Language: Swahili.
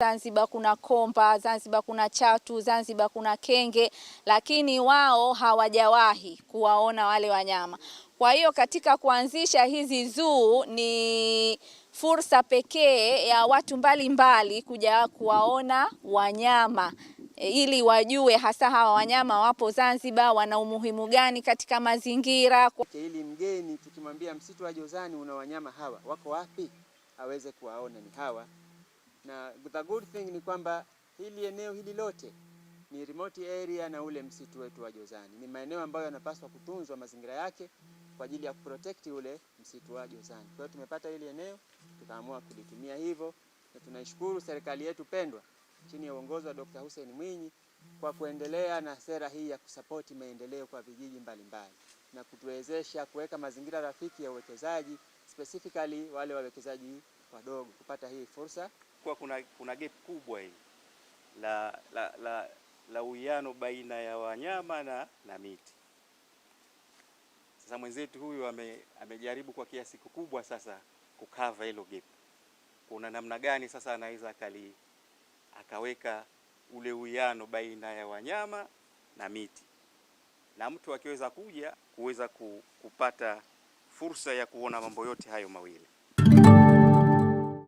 Zanzibar kuna Komba, Zanzibar kuna chatu, Zanzibar kuna kenge, lakini wao hawajawahi kuwaona wale wanyama. Kwa hiyo katika kuanzisha hizi zoo ni fursa pekee ya watu mbalimbali mbali kuja kuwaona wanyama e, ili wajue hasa hawa wanyama wapo Zanzibar, wana umuhimu gani katika mazingira. Ili mgeni tukimwambia msitu wa Jozani una wanyama hawa, wako wapi, aweze kuwaona ni hawa na the good thing ni kwamba hili eneo hili lote ni remote area na ule msitu wetu wa Jozani ni maeneo ambayo yanapaswa kutunzwa mazingira yake kwa ajili ya kuprotect ule msitu wa Jozani. Kwa hiyo tumepata hili eneo tukaamua kulitumia hivyo, na tunaishukuru serikali yetu pendwa chini ya uongozi wa Dr. Hussein Mwinyi kwa kuendelea na sera hii ya kusapoti maendeleo kwa vijiji mbalimbali na kutuwezesha kuweka mazingira rafiki ya uwekezaji specifically wale wawekezaji wadogo kupata hii fursa, kwa kuna, kuna gap kubwa hii la la la la uwiano baina ya wanyama na, na miti. Sasa mwenzetu huyu ame, amejaribu kwa kiasi kikubwa sasa kukava hilo gap. Kuna namna gani sasa anaweza akali akaweka ule uwiano baina ya wanyama na miti, na mtu akiweza kuja kuweza kupata fursa ya kuona mambo yote hayo mawili.